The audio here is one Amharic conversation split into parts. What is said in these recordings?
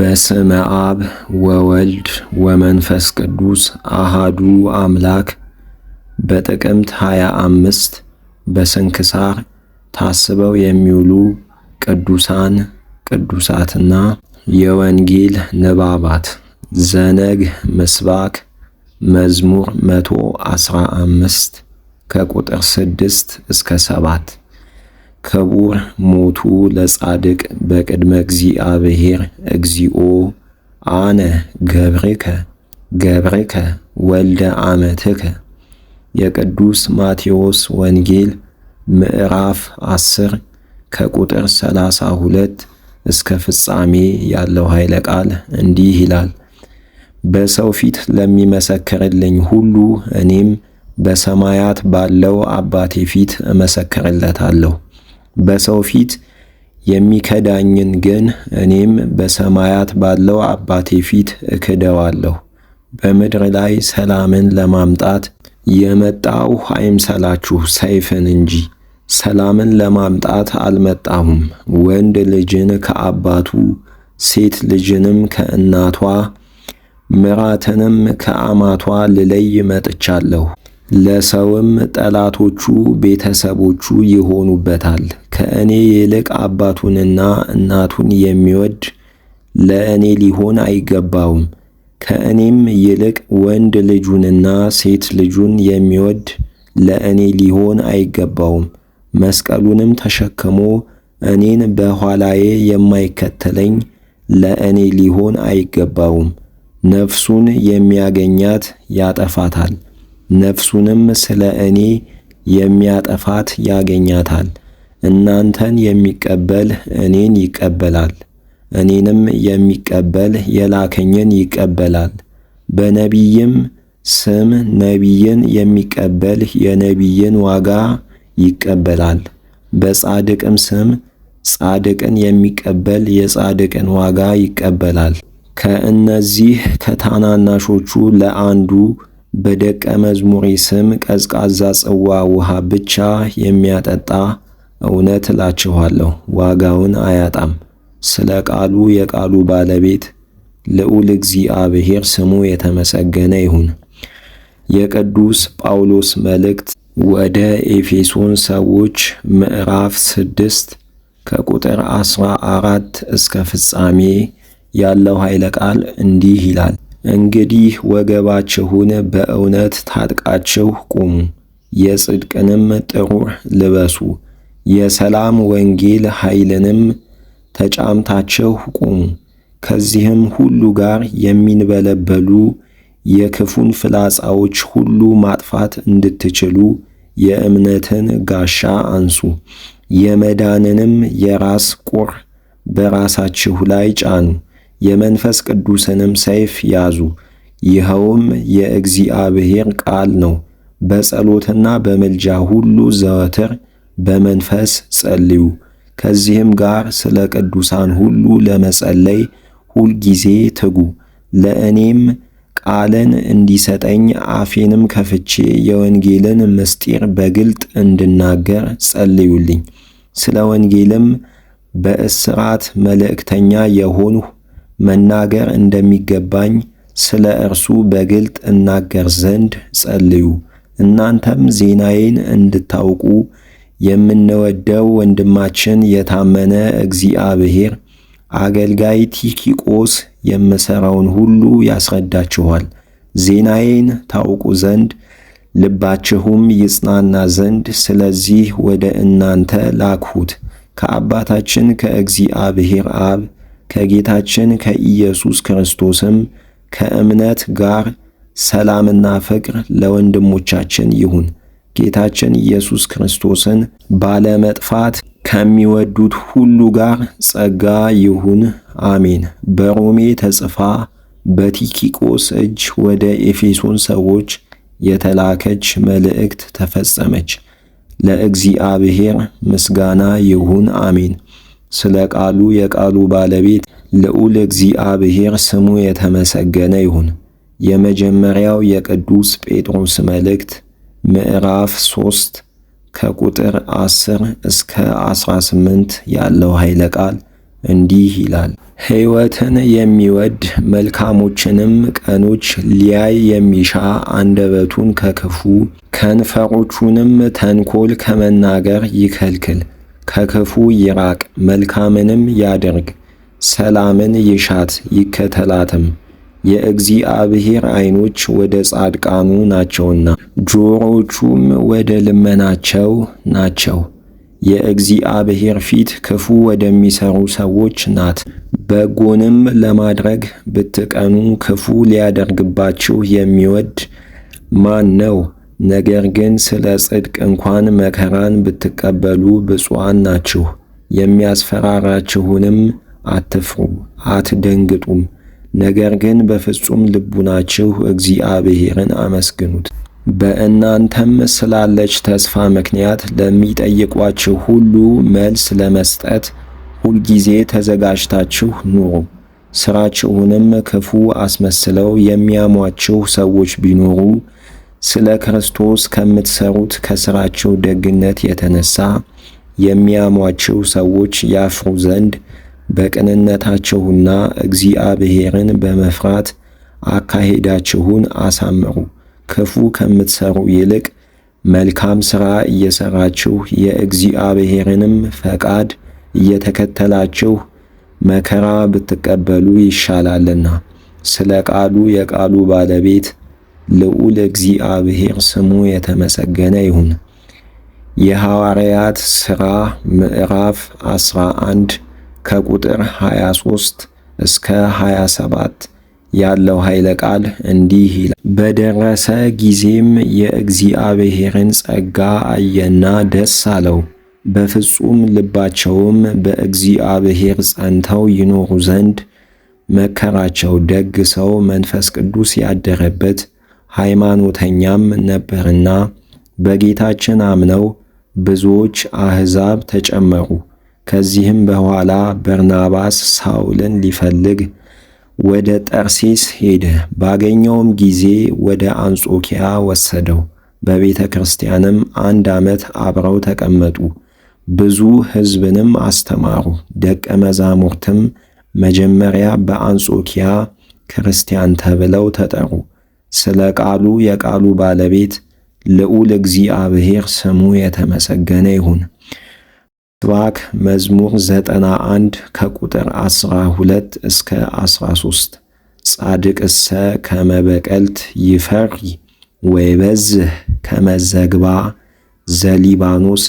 በስመ አብ ወወልድ ወመንፈስ ቅዱስ አሃዱ አምላክ። በጥቅምት 25 በስንክሳር ታስበው የሚውሉ ቅዱሳን ቅዱሳትና የወንጌል ንባባት ዘነግ ምስባክ መዝሙር 115 ከቁጥር 6 እስከ 7 ክቡር ሞቱ ለጻድቅ በቅድመ እግዚአብሔር እግዚኦ አነ ገብርከ ገብርከ ወልደ አመትከ። የቅዱስ ማቴዎስ ወንጌል ምዕራፍ 10 ከቁጥር 32 እስከ ፍጻሜ ያለው ኃይለ ቃል እንዲህ ይላል። በሰው ፊት ለሚመሰክርልኝ ሁሉ እኔም በሰማያት ባለው አባቴ ፊት እመሰክርለታለሁ። በሰው ፊት የሚከዳኝን ግን እኔም በሰማያት ባለው አባቴ ፊት እክደዋለሁ። በምድር ላይ ሰላምን ለማምጣት የመጣው አይምሰላችሁ ሰይፍን እንጂ ሰላምን ለማምጣት አልመጣሁም። ወንድ ልጅን ከአባቱ ሴት ልጅንም ከእናቷ ምራትንም ከአማቷ ልለይ መጥቻለሁ። ለሰውም ጠላቶቹ ቤተሰቦቹ ይሆኑበታል። ከእኔ ይልቅ አባቱንና እናቱን የሚወድ ለእኔ ሊሆን አይገባውም። ከእኔም ይልቅ ወንድ ልጁንና ሴት ልጁን የሚወድ ለእኔ ሊሆን አይገባውም። መስቀሉንም ተሸክሞ እኔን በኋላዬ የማይከተለኝ ለእኔ ሊሆን አይገባውም። ነፍሱን የሚያገኛት ያጠፋታል ነፍሱንም ስለ እኔ የሚያጠፋት ያገኛታል። እናንተን የሚቀበል እኔን ይቀበላል፣ እኔንም የሚቀበል የላከኝን ይቀበላል። በነቢይም ስም ነቢይን የሚቀበል የነቢይን ዋጋ ይቀበላል። በጻድቅም ስም ጻድቅን የሚቀበል የጻድቅን ዋጋ ይቀበላል። ከእነዚህ ከታናናሾቹ ለአንዱ በደቀ መዝሙሬ ስም ቀዝቃዛ ጽዋ ውሃ ብቻ የሚያጠጣ እውነት እላችኋለሁ ዋጋውን አያጣም። ስለ ቃሉ የቃሉ ባለቤት ልዑል እግዚአብሔር ስሙ የተመሰገነ ይሁን። የቅዱስ ጳውሎስ መልእክት ወደ ኤፌሶን ሰዎች ምዕራፍ ስድስት ከቁጥር አስራ አራት እስከ ፍጻሜ ያለው ኃይለ ቃል እንዲህ ይላል እንግዲህ ወገባችሁን በእውነት ታጥቃችሁ ቁሙ፣ የጽድቅንም ጥሩር ልበሱ፣ የሰላም ወንጌል ኃይልንም ተጫምታችሁ ቁሙ። ከዚህም ሁሉ ጋር የሚንበለበሉ የክፉን ፍላጻዎች ሁሉ ማጥፋት እንድትችሉ የእምነትን ጋሻ አንሱ፣ የመዳንንም የራስ ቁር በራሳችሁ ላይ ጫኑ። የመንፈስ ቅዱስንም ሰይፍ ያዙ። ይኸውም የእግዚአብሔር ቃል ነው። በጸሎትና በምልጃ ሁሉ ዘወትር በመንፈስ ጸልዩ። ከዚህም ጋር ስለ ቅዱሳን ሁሉ ለመጸለይ ሁልጊዜ ትጉ። ለእኔም ቃልን እንዲሰጠኝ አፌንም ከፍቼ የወንጌልን ምስጢር በግልጥ እንድናገር ጸልዩልኝ። ስለ ወንጌልም በእስራት መልእክተኛ የሆንሁ መናገር እንደሚገባኝ ስለ እርሱ በግልጥ እናገር ዘንድ ጸልዩ። እናንተም ዜናዬን እንድታውቁ የምንወደው ወንድማችን የታመነ እግዚአብሔር አገልጋይ ቲኪቆስ የምሠራውን ሁሉ ያስረዳችኋል። ዜናዬን ታውቁ ዘንድ ልባችሁም ይጽናና ዘንድ ስለዚህ ወደ እናንተ ላክሁት። ከአባታችን ከእግዚአብሔር አብ ከጌታችን ከኢየሱስ ክርስቶስም ከእምነት ጋር ሰላምና ፍቅር ለወንድሞቻችን ይሁን። ጌታችን ኢየሱስ ክርስቶስን ባለመጥፋት ከሚወዱት ሁሉ ጋር ጸጋ ይሁን፣ አሜን። በሮሜ ተጽፋ በቲኪቆስ እጅ ወደ ኤፌሶን ሰዎች የተላከች መልእክት ተፈጸመች። ለእግዚአብሔር ምስጋና ይሁን፣ አሜን። ስለ ቃሉ የቃሉ ባለቤት ልዑል እግዚአብሔር ስሙ የተመሰገነ ይሁን። የመጀመሪያው የቅዱስ ጴጥሮስ መልእክት ምዕራፍ 3 ከቁጥር 10 እስከ 18 ያለው ኃይለ ቃል እንዲህ ይላል። ሕይወትን የሚወድ መልካሞችንም ቀኖች ሊያይ የሚሻ አንደበቱን ከክፉ ከንፈሮቹንም ተንኮል ከመናገር ይከልክል። ከክፉ ይራቅ፣ መልካምንም ያድርግ፣ ሰላምን ይሻት ይከተላትም። የእግዚአብሔር አይኖች ወደ ጻድቃኑ ናቸውና ጆሮቹም ወደ ልመናቸው ናቸው። የእግዚአብሔር ፊት ክፉ ወደሚሰሩ ሰዎች ናት። በጎንም ለማድረግ ብትቀኑ ክፉ ሊያደርግባችሁ የሚወድ ማን ነው? ነገር ግን ስለ ጽድቅ እንኳን መከራን ብትቀበሉ ብፁዓን ናችሁ። የሚያስፈራራችሁንም አትፍሩ፣ አትደንግጡም። ነገር ግን በፍጹም ልቡናችሁ እግዚአብሔርን አመስግኑት። በእናንተም ስላለች ተስፋ ምክንያት ለሚጠይቋችሁ ሁሉ መልስ ለመስጠት ሁልጊዜ ተዘጋጅታችሁ ኑሩ። ስራችሁንም ክፉ አስመስለው የሚያሟችሁ ሰዎች ቢኖሩ ስለ ክርስቶስ ከምትሰሩት ከስራቸው ደግነት የተነሳ የሚያሟቸው ሰዎች ያፍሩ ዘንድ በቅንነታችሁና እግዚአብሔርን በመፍራት አካሄዳችሁን አሳምሩ። ክፉ ከምትሰሩ ይልቅ መልካም ሥራ እየሰራችሁ የእግዚአብሔርንም ፈቃድ እየተከተላችሁ መከራ ብትቀበሉ ይሻላልና። ስለ ቃሉ የቃሉ ባለቤት ልዑል እግዚአብሔር ስሙ የተመሰገነ ይሁን። የሐዋርያት ሥራ ምዕራፍ 11 ከቁጥር 23 እስከ 27 ያለው ኃይለ ቃል እንዲህ ይላል። በደረሰ ጊዜም የእግዚአብሔርን ጸጋ አየና ደስ አለው። በፍጹም ልባቸውም በእግዚአብሔር ጸንተው ይኖሩ ዘንድ መከራቸው። ደግ ሰው መንፈስ ቅዱስ ያደረበት ሃይማኖተኛም ነበርና በጌታችን አምነው ብዙዎች አሕዛብ ተጨመሩ። ከዚህም በኋላ በርናባስ ሳውልን ሊፈልግ ወደ ጠርሴስ ሄደ። ባገኘውም ጊዜ ወደ አንጾኪያ ወሰደው። በቤተ ክርስቲያንም አንድ ዓመት አብረው ተቀመጡ። ብዙ ሕዝብንም አስተማሩ። ደቀ መዛሙርትም መጀመሪያ በአንጾኪያ ክርስቲያን ተብለው ተጠሩ። ስለ ቃሉ የቃሉ ባለቤት ልዑል እግዚአብሔር ስሙ የተመሰገነ ይሁን። ስባክ መዝሙር 91 ከቁጥር 12 እስከ 13 ጻድቅሰ ከመበቀልት ይፈሪ ወይበዝህ ከመዘግባ ዘሊባኖስ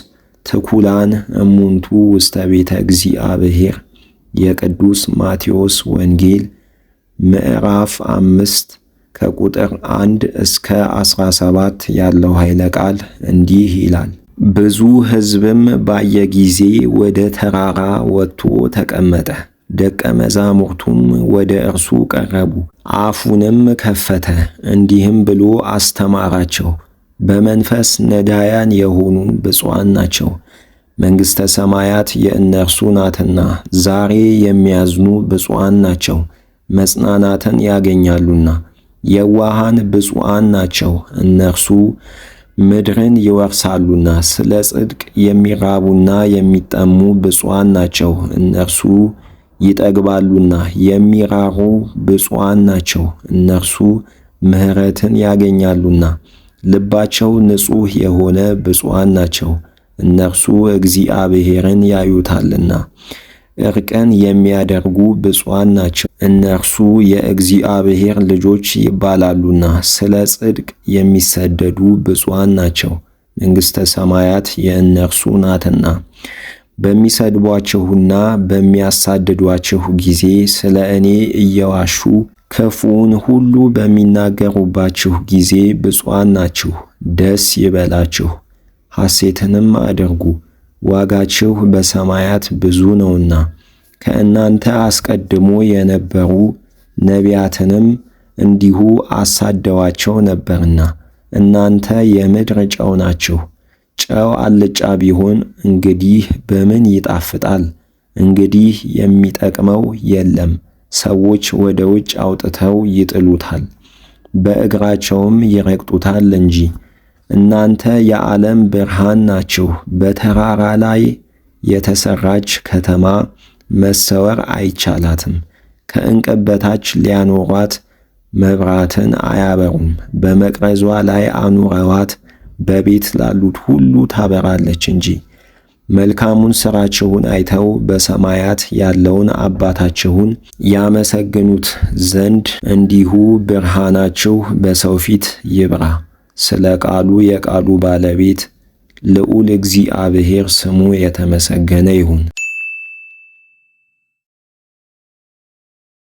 ትኩላን እሙንቱ ውስተ ቤተ እግዚአብሔር የቅዱስ ማቴዎስ ወንጌል ምዕራፍ አምስት ከቁጥር 1 እስከ 17 ያለው ኃይለ ቃል እንዲህ ይላል። ብዙ ሕዝብም ባየ ጊዜ ወደ ተራራ ወጥቶ ተቀመጠ። ደቀ መዛሙርቱም ወደ እርሱ ቀረቡ። አፉንም ከፈተ፣ እንዲህም ብሎ አስተማራቸው። በመንፈስ ነዳያን የሆኑ ብፁዓን ናቸው፣ መንግሥተ ሰማያት የእነርሱ ናትና። ዛሬ የሚያዝኑ ብፁዓን ናቸው፣ መጽናናትን ያገኛሉና። የዋሃን ብፁዓን ናቸው እነርሱ ምድርን ይወርሳሉና። ስለ ጽድቅ የሚራቡና የሚጠሙ ብፁዓን ናቸው እነርሱ ይጠግባሉና። የሚራሩ ብፁዓን ናቸው እነርሱ ምሕረትን ያገኛሉና። ልባቸው ንጹሕ የሆነ ብፁዓን ናቸው እነርሱ እግዚአብሔርን ያዩታልና። እርቀን የሚያደርጉ ብፁዓን ናቸው እነርሱ የእግዚአብሔር ልጆች ይባላሉና ስለ ጽድቅ የሚሰደዱ ብፁዓን ናቸው፣ መንግሥተ ሰማያት የእነርሱ ናትና። በሚሰድቧችሁና በሚያሳድዷችሁ ጊዜ ስለ እኔ እየዋሹ ክፉውን ሁሉ በሚናገሩባችሁ ጊዜ ብፁዓን ናችሁ። ደስ ይበላችሁ፣ ሐሴትንም አድርጉ፣ ዋጋችሁ በሰማያት ብዙ ነውና ከእናንተ አስቀድሞ የነበሩ ነቢያትንም እንዲሁ አሳደዋቸው ነበርና እናንተ የምድር ጨው ናችሁ። ጨው አልጫ ቢሆን እንግዲህ በምን ይጣፍጣል? እንግዲህ የሚጠቅመው የለም። ሰዎች ወደ ውጭ አውጥተው ይጥሉታል፣ በእግራቸውም ይረግጡታል እንጂ። እናንተ የዓለም ብርሃን ናችሁ። በተራራ ላይ የተሰራች ከተማ መሰወር አይቻላትም። ከእንቅብ በታች ሊያኖሯት መብራትን አያበሩም። በመቅረዟ ላይ አኑረዋት በቤት ላሉት ሁሉ ታበራለች እንጂ። መልካሙን ሥራችሁን አይተው በሰማያት ያለውን አባታችሁን ያመሰግኑት ዘንድ እንዲሁ ብርሃናችሁ በሰው ፊት ይብራ። ስለ ቃሉ የቃሉ ባለቤት ልዑል እግዚአብሔር ስሙ የተመሰገነ ይሁን።